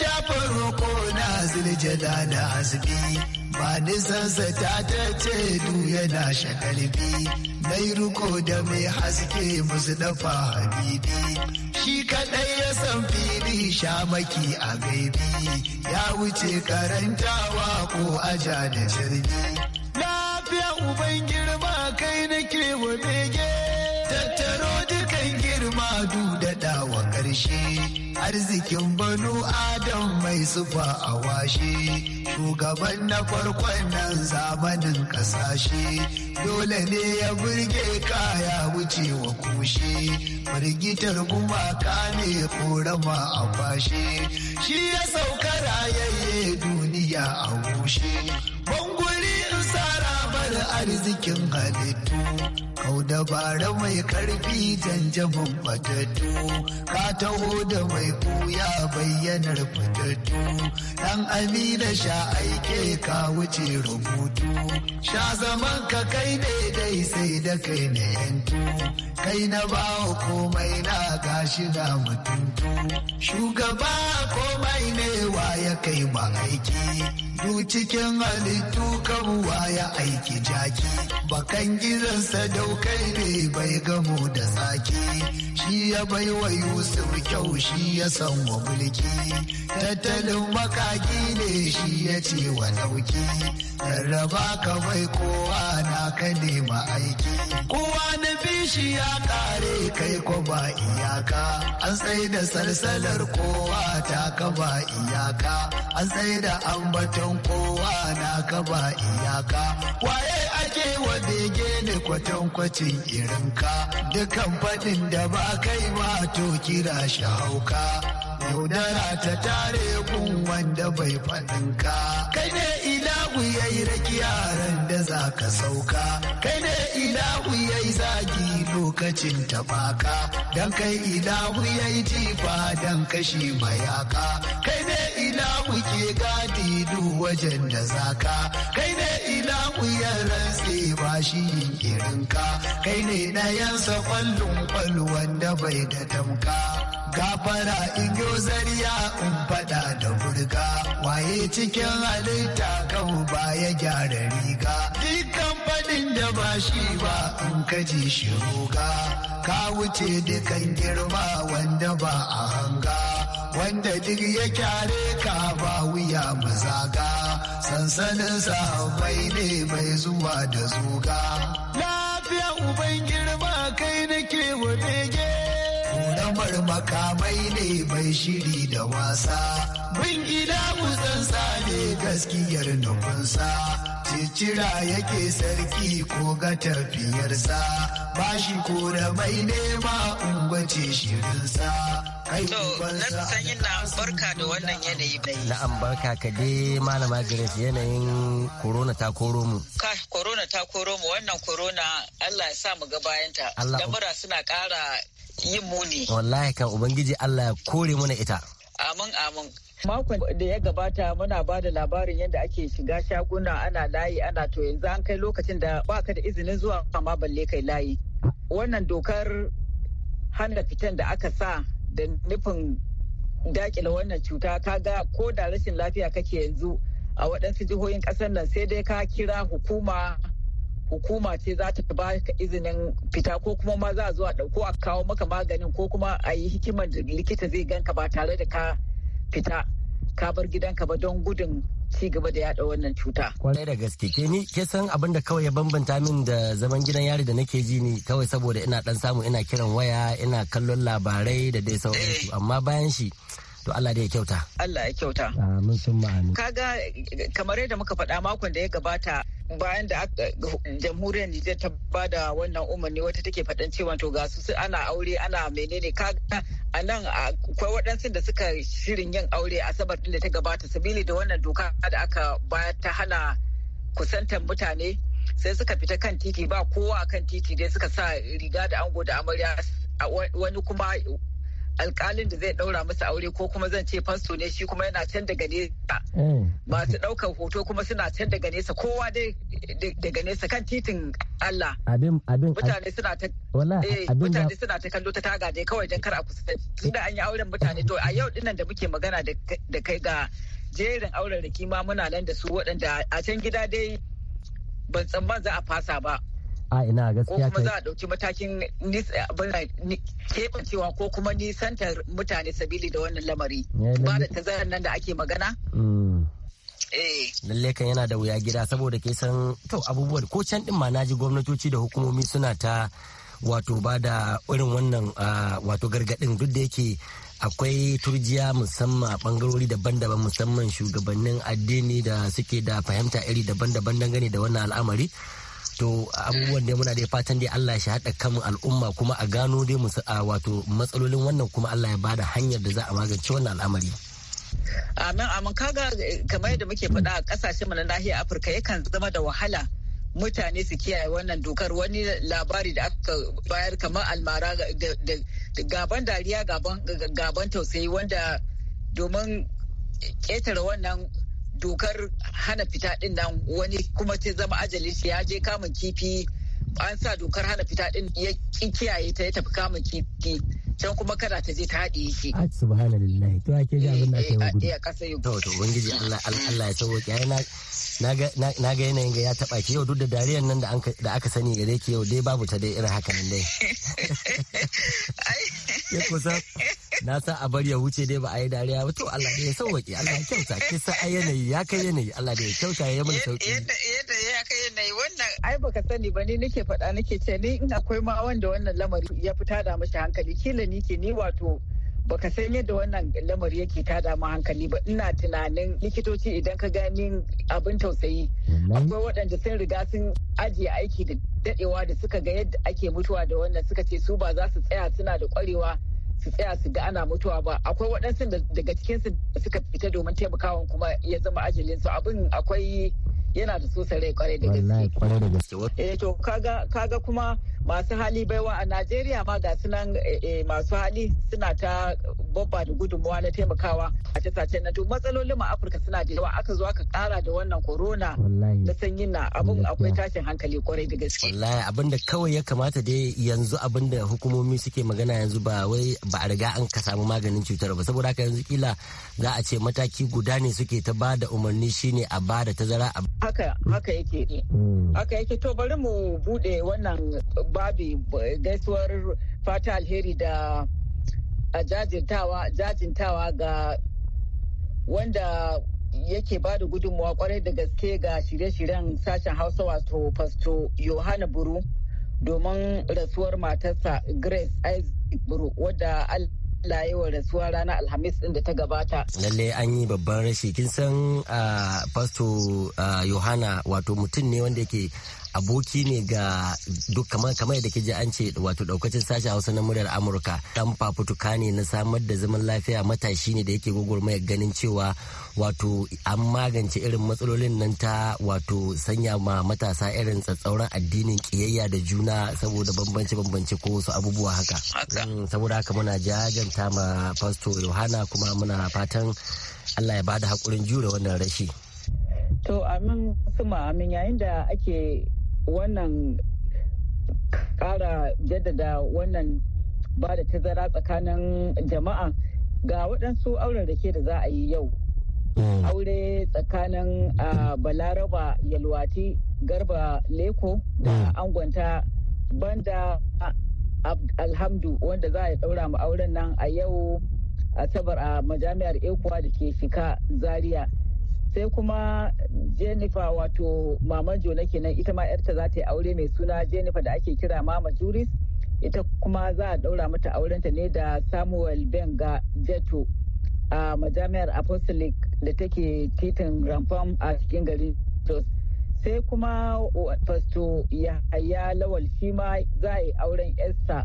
shafin roko na ziljada da hasbi ba nisansa ta ta ce du yana shakalbi mai ruko da mai haske musu dafa habibi shi kaɗai ya san fili shamaki a gaibi ya wuce karantawa ko aja da jirgi arzikin banu adam mai zuba a washe shugaban na farkon nan zamanin kasashe dole ne ya burge kaya wuce wa kushe firgitar gumaka ne korama a fashe shi ya sauka rayayye duniya a bushe bangon arzikin halittu kau dabara mai karfi janjamin fatattu ka taho da mai kuya bayyanar fatattu dan amina sha aike ka wuce rubutu sha zaman ka kai dai sai da kai na yantu kai na bawa komai na gashi na mutuntu shugaba komai ne wa ya kai ma aiki du cikin halittu kabuwa ya aiki jaki bakan gizansa daukai ne bai gamo da tsaki shi ya bai wa Yusuf kyau shi ya san wa mulki tattalin makaki ne shi ya ce wa nauki rarraba ka bai kowa na ka nema aiki kowa na shi ya kare kai ko ba iyaka an sai da salsalar kowa ta ka ba iyaka an sai da ambaton don kowa na gaba iyaka waye ake wa bege ne kwatankwacin irinka dukan kamfanin da ba kai ma to kira shi hauka yaudara ta tare kun wanda bai ka kai ne ila ya raki yaran da za ka sauka kai ne ila ya zagi lokacin taɓaka don kai ila ya jifa don kashi mayaka kai ila kuke gadi duk wajen da zaka kai ne ila ya rantse ba shi kai ne na yansa kwallon kwallo wanda bai da tamka gafara igyo zariya in fada da burga waye cikin halitta kan baya gyara riga dukkan fadin da ba shi ba in kaji shi roga ka wuce dukan girma wanda ba a hanga wanda duk ya kyare ka ba wuya mazaga sansanin sahabbai ne mai zuwa da zuga lafiya uban girma kai nake wa bege marmaka makamai ne mai shiri da wasa bin gida tsantsa ne gaskiyar nufinsa cicira yake sarki ko ga tafiyarsa bashi ko da mai nema ungwace shirinsa na sanyin na barka da wannan yanayi bai. Na'am barka ka dai malama Grace yanayin korona ta koro mu. Ka korona ta koro mu wannan korona Allah ya sa mu ga bayanta. Allah. Lamura suna ƙara yin muni. Wallahi kan Ubangiji Allah ya kore mana ita. Amin amin. Makon da ya gabata muna ba da labarin yadda ake shiga shaguna ana layi ana to yanzu an kai lokacin da baka da izinin zuwa ma balle kai layi. Wannan dokar hana fitan da aka sa da nufin dakile wannan cuta ka kaga ko da rashin lafiya kake yanzu a waɗansu jihohin ƙasar nan sai dai ka kira hukuma hukuma ce za ta ba ka izinin fita ko kuma ma za a zo a ɗauko a kawo maka maganin ko kuma a yi hikimar da likita zai ganka ba tare da ka fita ka bar gidanka ba don gudun ci gaba da yada wannan cuta. Kwarai da gaske ke ni ke san abin da kawai ya bambanta min da zaman gidan yari da nake ji ni kawai saboda ina dan samu ina kiran waya ina kallon labarai da dai sauransu eh. amma bayan shi to Allah da ya kyauta. Allah ya kyauta. Amin sun ma'ani. Kaga kamar yadda muka faɗa makon da ya gabata bayan da jamhuriyar Nijar ta bada wannan umarni wata take faɗan cewa to ga su ana aure ana menene ka a nan akwai waɗansu da suka shirin yin aure a sabar da ta gabata sabili da wannan doka da aka bayar ta hana kusantar mutane sai suka fita kan titi ba kowa kan titi dai suka sa riga da ango da amarya wani kuma alkalin da zai ɗaura masa aure ko kuma zan ce fasto ne shi kuma yana can daga nesa mm. masu ɗaukar hoto kuma suna can daga nesa kowa dai daga nesa kan titin Allah eh, mutane suna ta kallo ta taga dai kawai dan kar a kusa da an yi auren mutane to a yau dinnan da muke magana da kai ga jerin auren rikima muna nan da su waɗanda a can gida dai ban tsamman za a fasa ba a ina gaskiya ko kuma za a ɗauki matakin keɓancewa ko kuma nisantar mutane sabili da wannan lamari ba da tazarar nan da ake magana mm. eh. lalle kan yana da wuya gida saboda ke san to abubuwan ko can din ma naji gwamnatoci da hukumomi suna ta wato ba da irin wannan wato gargadin duk da yake akwai turjiya musamman bangarori daban-daban musamman shugabannin addini da suke da fahimta iri daban-daban dangane da wannan al'amari to abubuwan da muna da fatan dai Allah shi haɗa kan al'umma kuma a gano dai wato matsalolin wannan kuma Allah ya bada hanyar da za a magance wannan al'amari. Amin amin kaga kamar yadda muke faɗa a ƙasashen mu na nahiyar Afirka yakan zama da wahala mutane su kiyaye wannan dokar wani labari da aka bayar kamar almara da gaban dariya gaban tausayi wanda domin ƙetare wannan dokar hana fita din nan wani kuma ta zama ajali ya je kamun kifi an sa dokar hana fita din ya kiyaye ta ya tafi kama kifi can kuma kada ta je ta haɗe shi. A ah, subhanallah to ake ji abin da aka yi eh, eh, eh, ƙasa yau. To to ubangiji Allah Allah ya sauke ai na na ga yanayin ga ya taba ki yau duk da dariyar nan da aka sani gare ki yau dai babu ta dai irin haka nan dai. Ya kusa na sa a bar ya wuce dai ba a yi dariya ba to Allah dai ya sauke Allah ya kyauta ki sa a yanayi ya kai yanayi Allah dai ya kyauta ya yi mana sauki. Yadda ya kai yanayi wannan ai baka sani ba ni nake nake faɗa nake ce ni in akwai ma wanda wannan lamari ya fi tada mashi hankali kila ni ke ni wato baka san yadda wannan lamari yake tada ma hankali ba ina tunanin likitoci idan ka gani abin tausayi akwai waɗanda sun riga sun ajiye aiki da daɗewa da suka ga yadda ake mutuwa da wannan suka ce su ba za su tsaya suna da kwarewa su tsaya su ga ana mutuwa ba akwai waɗansu daga cikinsu da suka fita domin taimakawa kuma ya zama ajalinsu abin akwai yana da sosa rai kwarai da gaske eh, to kaga kaga kuma masu hali baiwa a Najeriya ma ga sunan eh, eh, masu hali suna ta babba da gudunmuwa na taimakawa a tasace na to matsalolin ma Afirka suna da yawa aka zo aka kara da wannan corona na sanyin na abun akwai tashin hankali kwarai da gaske wallahi abinda kawai ya kamata dai yanzu abinda hukumomi suke magana yanzu ba wai ba a riga an ka samu maganin cutar ba saboda haka yanzu kila za a ce mataki guda ne suke ta ba da umarni shine a ba da tazara a haka haka yake mm. haka yake to bari mu bude wannan babi gaisuwar fata alheri da jajintawa jajintawa ga wanda yake ba da gudunmuwa kwarai da gaske ga shirye-shiryen sashen hausa wato fasto yohana buru domin rasuwar matarsa grace isaac buru wadda allah Allah wa rasuwa ranar Alhamis din da ta gabata. Lalle an yi babban rashi kin san ah, Pasto ah, Yohana wato mutum ne wanda yake aboki ne ga duk kamar kamar da kije an ce wato daukacin sashi Hausa na muryar Amurka dan fafutuka ne na samar da zaman lafiya matashi ne da yake gwagwarmayar ganin cewa wato an magance irin matsalolin nan ta wato sanya ma matasa irin tsatsauran addinin kiyayya da juna saboda bambance bambance ko wasu abubuwa haka mm, saboda haka muna jajanta ma pastor Yohana kuma muna fatan Allah ya bada hakurin jure wannan rashi to amin kuma amin yayin da ake wannan kara jaddada wannan ba da tazara tsakanin jama'a ga waɗansu auren da ke da za a yi yau mm. aure tsakanin balaraba yalwati garba leko da mm. angonta banda alhamdu wanda za a ɗaura ma auren nan a yau asabar a majami'ar ekuwa da ke shika zaria sai kuma jennifer wato mama jona kenan ita ma yarta za ta yi aure mai suna jennifer da ake kira mama juris ita kuma za a daura mata aurenta ne da samuel benga jeto a majami'ar apostolic da take titin rampam a cikin garin jos sai kuma pasto yahaya lawal shi ma za a yi auren esther.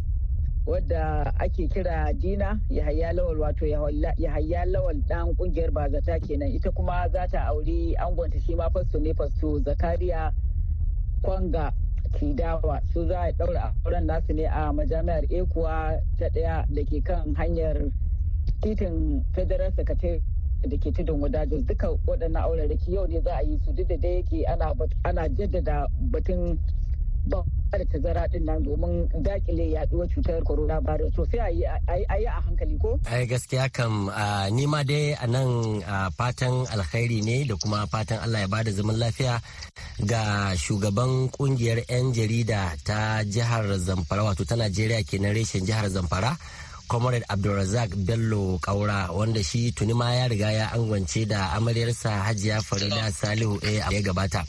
wadda ake kira dina yahaya lawal wato yahaya lawal dan kungiyar bazata kenan ita kuma za ta auri angonta shi ma fasto ne fasto zakariya kwanga kidawa su za a daura auren nasu ne a majami'ar ekuwa ta daya da ke kan hanyar titin federal secretary da ke tudun wadajin duka waɗannan aurariki yau ne za a yi su duk da yake ana jaddada batun ba da tazara din nan domin dakile yaduwar cutar corona virus to sai a yi a hankali ko ai gaskiya kam ni ma dai a nan fatan alkhairi ne da kuma fatan Allah ya bada zaman lafiya ga shugaban kungiyar 'yan jarida ta jihar Zamfara wato ta Najeriya kenan reshen jihar Zamfara comrade abdulrazak bello kaura wanda shi tuni ma ya riga ya angwance da amaryarsa hajiya farida salihu eh, a ya gabata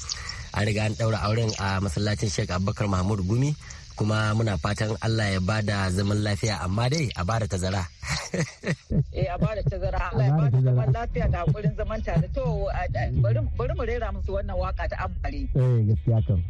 an riga an daura auren a masallacin Sheikh Abubakar Mahmud Gumi kuma muna fatan Allah ya bada zaman lafiya amma dai a bada tazara. Eh a bada tazara Allah ya bada zaman lafiya da hakurin zaman tare to bari mu rera musu wannan waka ta amfani. Eh gaskiya kan.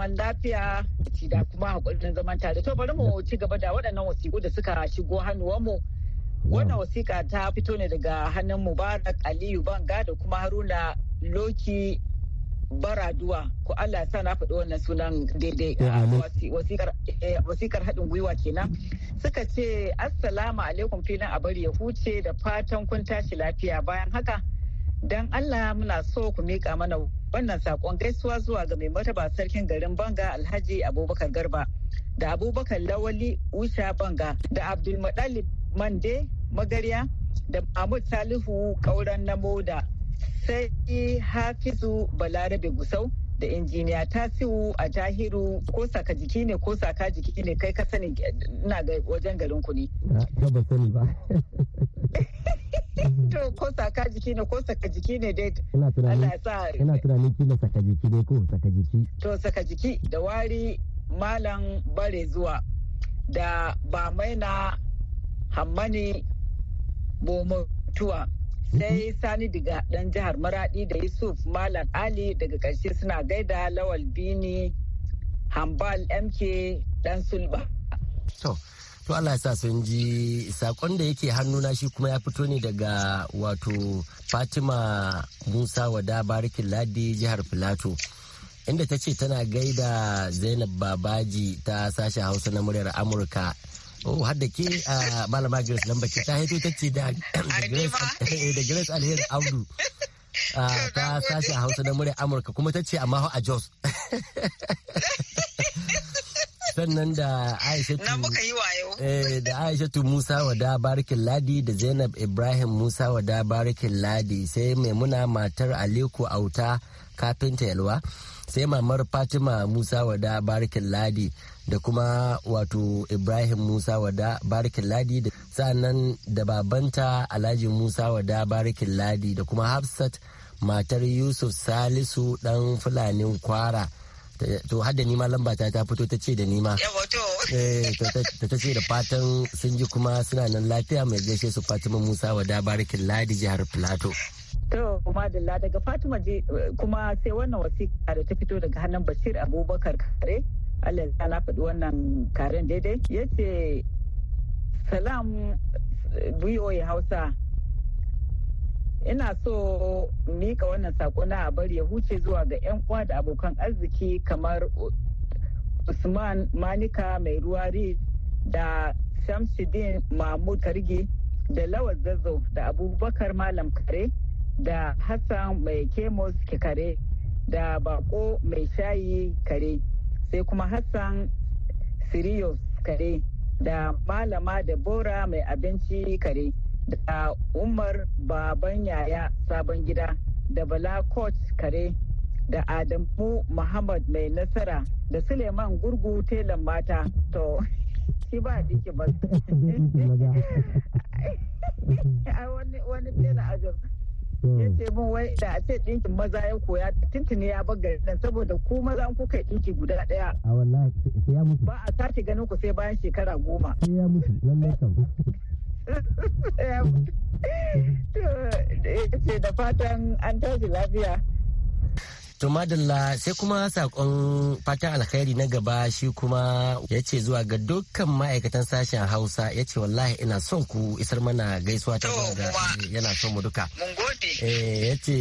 zaman lafiya da kuma hakurin zaman tare to bari mu ci gaba da waɗannan wasiƙu da suka shigo mu wannan wasiƙa ta fito ne daga hannun mubarak aliyu banga da kuma haruna loki baraduwa ko allah sa na faɗi wannan sunan daidai ah, wasikar eh, haɗin gwiwa kenan suka ce assalamu alaikum filin a bari ya huce da fatan kun tashi lafiya bayan haka don allah muna so ku miƙa mana wannan saƙon gaisuwa zuwa ga mai martaba sarkin garin banga alhaji abubakar garba da abubakar lawali usha banga da abdulmadalib mande magarya da mahmud salihu kauran namoda sai hafizu balarabe gusau da injiniya tasiu a tahiru ko saka jiki ne ko saka jiki ne kai ka sani ina ga wajen garin ku ne ba sani ba to ko saka jiki ne ko saka jiki ne dai Allah ya sa ina tunanin kila saka jiki ne ko saka jiki to saka jiki da wari malam bare zuwa da ba maina hammani tuwa sai sani diga dan jihar maradi da yusuf malam ali daga karshe suna gaida lawal bini hambal mk dan sulba to to allah sa sun ji sakon da yake na shi kuma ya fito ne daga wato fatima musa wada barikin ladi jihar filato inda ta ce tana gaida zainab babaji ta sashen hausa na muryar amurka Oh, ke a ah, ke malama Grace lambaki ta haito ta ce da eh, Grace Alheri Audu. Ah, ta sashi a Hausa na murya Amurka kuma ta ce amma a Jos. sannan da Aishatu eh, da Aishatu Musa wada barikin ladi da Zainab Ibrahim Musa wada barikin ladi sai Maimuna matar Aliko Auta kafinta Yalwa. sai mamar fatima musa wada barikin ladi da kuma wato ibrahim musa wada barikin ladi da sa'annan da babanta alhaji musa wada barikin ladi da kuma hafsat matar yusuf salisu dan fulanin kwara to hada nima lambata ta ta fito ta ce da nima eh, ta ta ce da fatan sun ji kuma suna nan lafiya mai gaishe su fatima musa wada barikin ladi jihar plateau To madalla daga Fatima je kuma sai wannan wasiƙa da ta fito daga hannun Bashir Abubakar Kare Allah ya na faɗi wannan karen daidai ya ce salam VOA Hausa ina so mika wannan sako na bari ya huce zuwa ga 'yan uwa da abokan arziki kamar Usman Manika mai ruwa da Shamsuddin Mahmud Kargi da Lawal Zazzau da Abubakar Malam Kare da hassan mai kemos kare da bako mai shayi kare sai kuma hassan sirius kare da malama da mai abinci kare da umar baban yaya sabon gida da bala coach kare da adamu muhammad mai nasara da suleiman gurgu telan mata to shi ba dike ba wani tela a ya mm. ce min wai da a ce dinkin maza ya koya tuntuni ya bar gari nan saboda ku maza an kuka dinki guda daya a wallahi sai ya mutu ba a sake ganin ku sai bayan shekara goma sai ya mutu lallai kam to da fatan an tashi lafiya To madalla sai kuma sakon fatan alkhairi na gaba shi kuma ya ce zuwa ga dukkan ma'aikatan sashen Hausa ya ce wallahi ina son ku isar mana gaisuwa ta ga eh, yana son mu duka. Eh, ya ce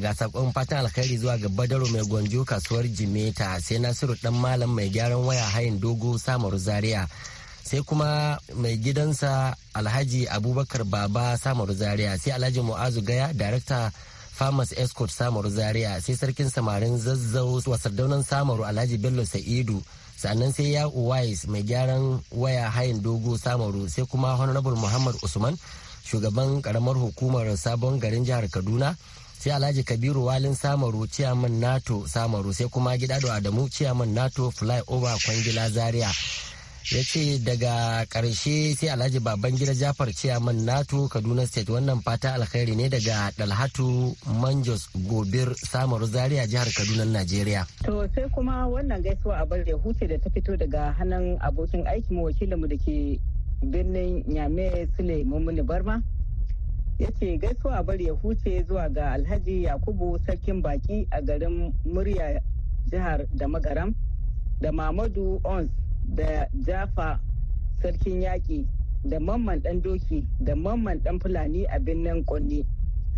ga sakon fatan alkhairi zuwa ga Badaro mai gwanjo kasuwar Jimeta sai Nasiru dan malam mai gyaran waya hayin dogo Samaru Zaria. sai kuma mai gidansa alhaji abubakar baba samaru zaria sai alhaji mu'azu gaya darakta farmers escort samaru zaria sai sarkin samarin zazzau sardaunan samaru alhaji bello sa'idu sannan sai ya wise mai gyaran waya hayin dogo samaru sai kuma honorable muhammad usman shugaban karamar hukumar sabon garin jihar kaduna sai alhaji kabiru walin samaru ciyaman nato samaru sai kuma gidado adamu ciyaman nato flyover kwangila zaria ya ce daga karshe sai alhaji baban gida jafar ciyaman nato kaduna state wannan fata alkhairi ne daga dalhatu manjos gobir samar zaria jihar kaduna nigeria. to sai kuma wannan gaisuwa a bar huce da ta fito daga hannun abokin aikin wakilinmu da ke birnin nyame sule mummuni barma ya ce gaisuwa a bar huce zuwa ga alhaji yakubu sarkin baki a garin murya jihar da magaram da mamadu ons da jafa sarkin yaƙi da mamman ɗan doki da mamman ɗan fulani a birnin ƙonni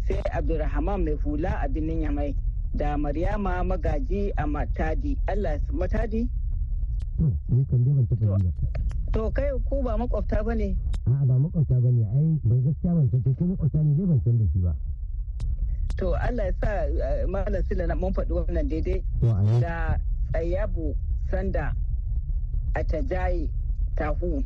sai abdulrahman mai hula a birnin yamai da maryama magaji a matadi allah matadi to kai ko ba makwabta ba ne a'a ba makwabta ba ne ai ban gaskiya ban san ko makwabta ne dai ban san da shi ba to allah ya sa eh, malam sila na mun faɗi wannan daidai da tsayabu sanda atajaye tahu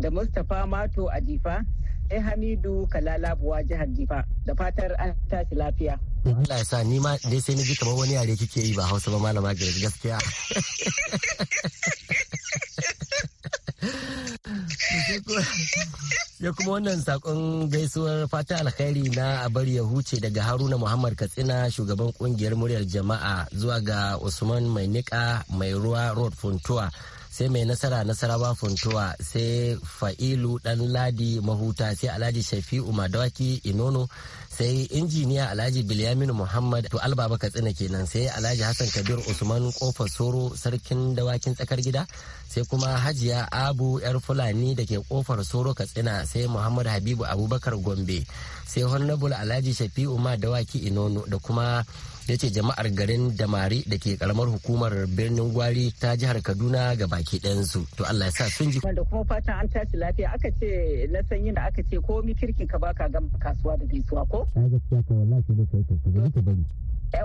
da mustapha mato a difa sai hamidu kalalabuwa jihar difa da fatar an tashi lafiya Allah ya sa ni ma dai sai ji kamar wani yare kike yi ba Hausa ba malama gaskiya. Ya kuma wannan sakon gaisuwar fata alkhairi na a abar ya huce daga Haruna Muhammad Katsina shugaban kungiyar muryar jama'a zuwa ga Usman Mai Nika Mai Ruwa Road funtua sai mai nasara nasarawa funtuwa sai fa'ilu dan ladi mahuta sai alhaji shafi'u madawaki inono sai injiniya alhaji bilyaminu muhammad to albaba katsina kenan sai alhaji hassan kabir usman kofa soro sarkin dawakin tsakar gida sai kuma hajiya abu yar fulani da ke kofar soro katsina sai muhammad habibu abubakar gombe sai honnabul alhaji shafi'u madawaki inono da kuma ya ce jama'ar garin damari da ke karamar hukumar birnin gwari ta jihar kaduna ga baki ɗansu to allah ya sa sun ji wanda kuma fatan an tashi lafiya aka ce na sanyi da aka ce komi kirkin ka baka gama kasuwa da gaisuwa ko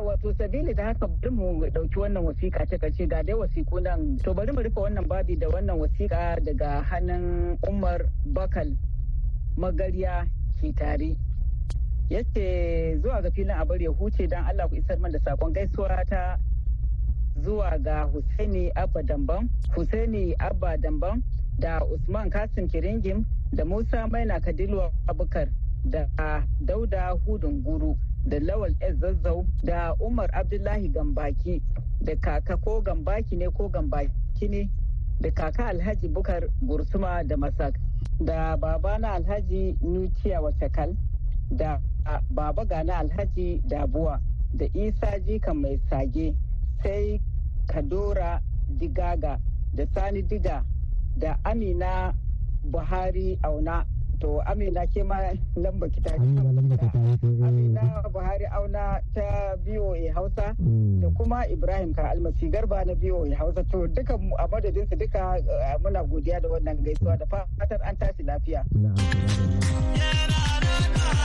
wato sabili da haka bari mu dauki wannan wasiƙa ta kace ga dai wasiƙu nan to bari mu rufe wannan babi da wannan wasiƙa daga hannun umar bakal magarya ke tare yace zuwa ga filin a bari ya huce don allah ku isar man da sakon gaisuwa ta zuwa ga husaini abba damban husaini abba damban da usman kasim kiringim da musa maina kadilwa abubakar da dauda hudun guru da lawal s zazzau da umar abdullahi gambaki da kaka ko gambaki ne ko gambaki ne da kaka alhaji bukar gursuma da masak da babana alhaji nuciya wacakal da a baba gana alhaji dabuwa da isa jika mai sage sai kadora digaga da sani diga da amina buhari auna to amina ke ma lamba kita eh, eh. amina buhari auna ta voa hausa mm. da kuma ibrahim ka almasi garba na voa hausa to duka a madadinsu duka eh, muna godiya da wannan gaisuwa da fatar an tashi lafiya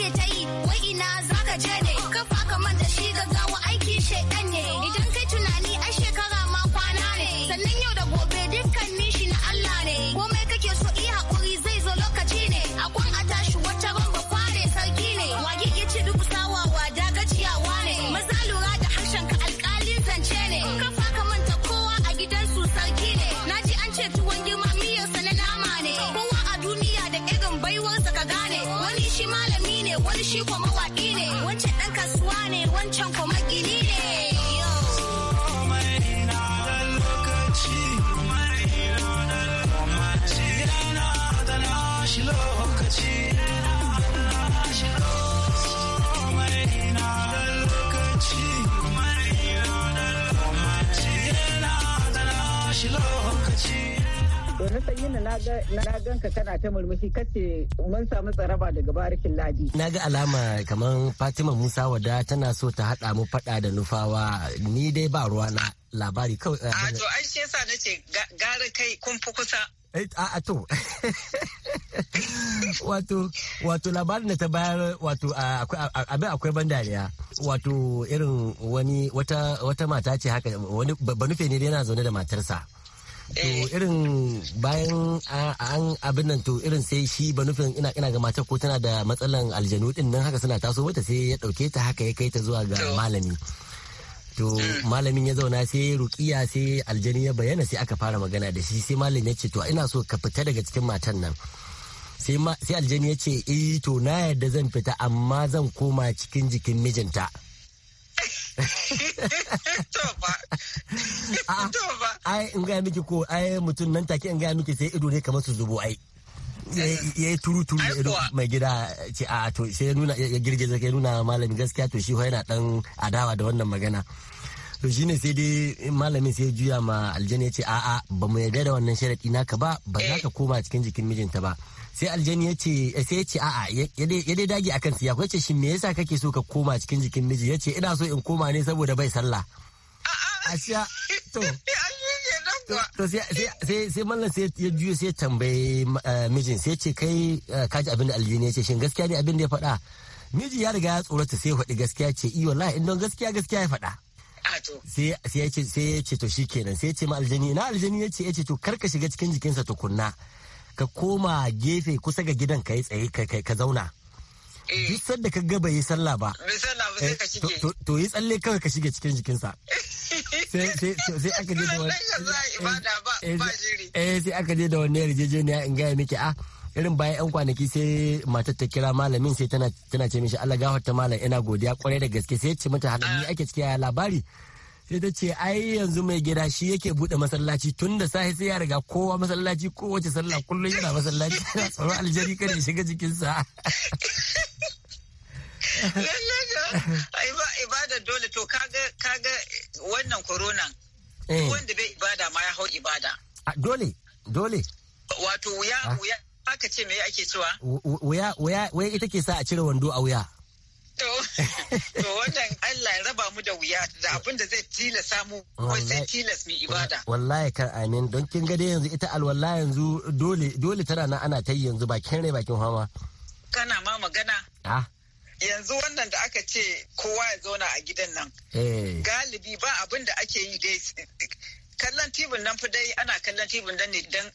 kake ta yi wai ina zaka je ne kafa ka manta shi gaggawa aiki shedan ne idan kai tunani bayyana na ka kana ta murmushi kace mun samu tsaraba daga barikin ladi. Na ga alama kamar Fatima Musa wada tana so ta haɗa mu faɗa da nufawa ni dai ba ruwa na labari kawai. A to ai shi yasa nace gara kai kun fi kusa. Eh, a to wato wato labarin da ta bayar wato abin akwai ban dariya wato irin wani wata mata ce haka wani banufe ne yana zaune da matarsa to eh. irin bayan an abin nan to irin sai shi ba nufin ina ina ga matar ko tana da matsalan aljanu din nan haka suna taso mata sai ya dauke ta haka ya kai ta zuwa ga malami to mm. malamin ya zauna sai rukiya sai aljani ya bayyana sai aka fara magana da shi sai malamin ya ce to ina so ka fita daga cikin matan nan sai aljani ya ce eh to na yarda zan fita amma zan koma cikin jikin mijinta to ai in gaya miki ko ai mutum nan take in gaya miki sai ido ne kamar su zubo ai ya yi turu turu da ido mai gida ce a to sai ya nuna ya girgiza ya nuna malami gaskiya to shi yana dan adawa da wannan magana to ne sai dai malamin sai juya ma aljani ya ce a'a ba mu yarda da wannan sharadi naka ba ba za ka eh. koma cikin jikin mijinta ba sai aljani ya ce eh, sai ya ce a'a ya dai dage akan siya ya ce shin me yasa kake so ka koma cikin jikin miji ya ce ina so in koma ne saboda bai sallah a siya to to sai sai mallan sai ya juyo sai tambaye eh, mijin sai ce kai kaji abin da aljini ya ce shin gaskiya ne abin da ya faɗa miji ya riga ya tsorata sai faɗi gaskiya ce iya wallahi in don gaskiya gaskiya ya faɗa Ah, sai ya ce to shi kenan to shikenan sai ya ce ma aljani na aljani ya ce ya ce to karka shiga cikin jikinsa tukunna ka koma gefe kusa ga gidan ka yi tsaye ka zauna eh. duk sanda ka gaba yi sallah ba eh, to yi tsalle kawai ka shige cikin jikinsa sai aka je da wani yarjejeniya in gaya miki a ah, irin bayan 'yan kwanaki sai matar ta kira malamin sai tana ce mishi Allah gafarta malam ina godiya kwarai da gaske sai ce mata halin ake ciki ya labari sai ta ce ai yanzu mai gida shi yake bude masallaci tun da sai ya riga kowa masallaci kowace sallah kullum yana masallaci yana tsoron aljari kada ya shiga jikinsa. ibada dole to kaga wannan koronan eh. wanda bai ibada ma ya hau ibada. Dole, dole. Wato ya wuya ah. aka ce me ake cewa Waya ita ke sa a cire wando a wuya to wannan Allah ya raba mu da wuya da abin da zai tilasa mu ko sai tilas mai ibada wallahi kar amin don kin ga yanzu ita alwala yanzu dole dole tana nan ana ta yanzu bakin rai bakin fama kana ma magana ah yanzu wannan da aka ce kowa ya zauna a gidan nan eh. galibi ba abin da ake yi dai kallon tibin nan dai ana kallon tibin nan ne don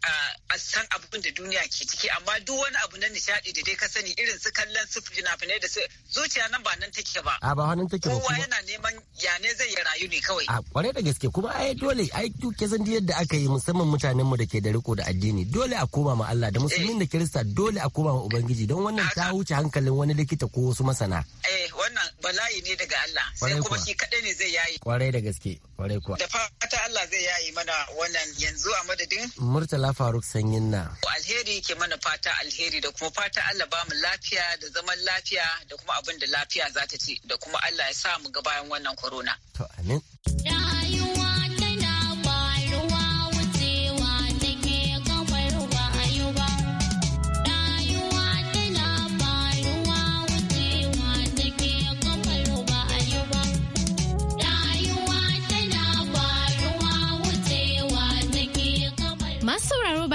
a san abin da duniya ke ciki amma duk wani abu na nishadi da dai ka sani irin su kallon su fina-finai da su zuciya nan ba nan take ba a ba hannun take ba kowa yana neman ya ne zai yi rayu ne kawai a kwarai da gaske kuma ai dole ai duke san yadda aka yi musamman mutanen mu da ke da riko da addini dole a koma ma Allah da musulmin da eh. kirista dole a koma ma ubangiji don wannan ta wuce hankalin wani likita ko wasu masana eh wannan bala'i ne daga Allah sai kuma shi kadai ne zai yayi kwarai da gaske kwarai kuwa da fata Allah zai yayi Allah yi mana wannan yanzu a madadin. Murtala Faruk Sanyin na. Alheri ke mana fata alheri da kuma fata Allah ba mu lafiya da zaman lafiya da kuma abin da lafiya za ta ci da kuma Allah ya sa mu ga bayan wannan corona. To amin.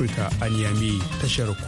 Afirka a Niamey tashar